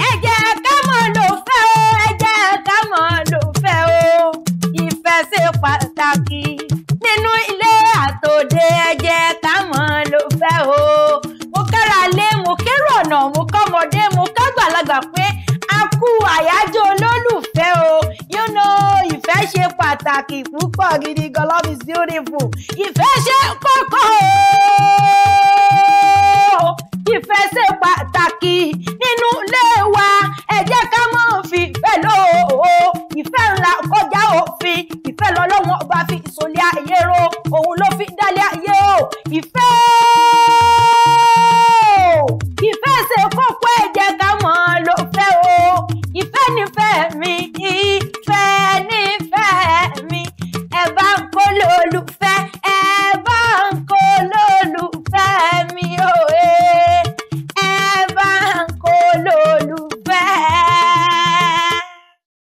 ẹ jẹ́ ká mọ̀ lò fẹ́ o ẹ jẹ́ ká mọ̀ lò fẹ́ o ìfẹ́ ṣe pàtàkì nínú ilé àtòde ẹ jẹ́ ká mọ̀ lò fẹ́ o mo kára lé mo kérò ọ̀nà mo kọ́mọdé mo kágbàlagbà pé a kú àyájọ́ olólùfẹ́ o you know ìfẹ́ ṣe pàtàkì púpọ̀ gidi God love is beautiful ìfẹ́ ṣe pọ̀. ìfẹ́ ló o ìfẹ́ ńlá kọjá òfin ìfẹ́ lọ́lọ́wọ́n ọba fi ìsòlẹ̀ ayé ro òun ló fi dálé ayé o ìfẹ́ ìfẹ́ ṣe kókó.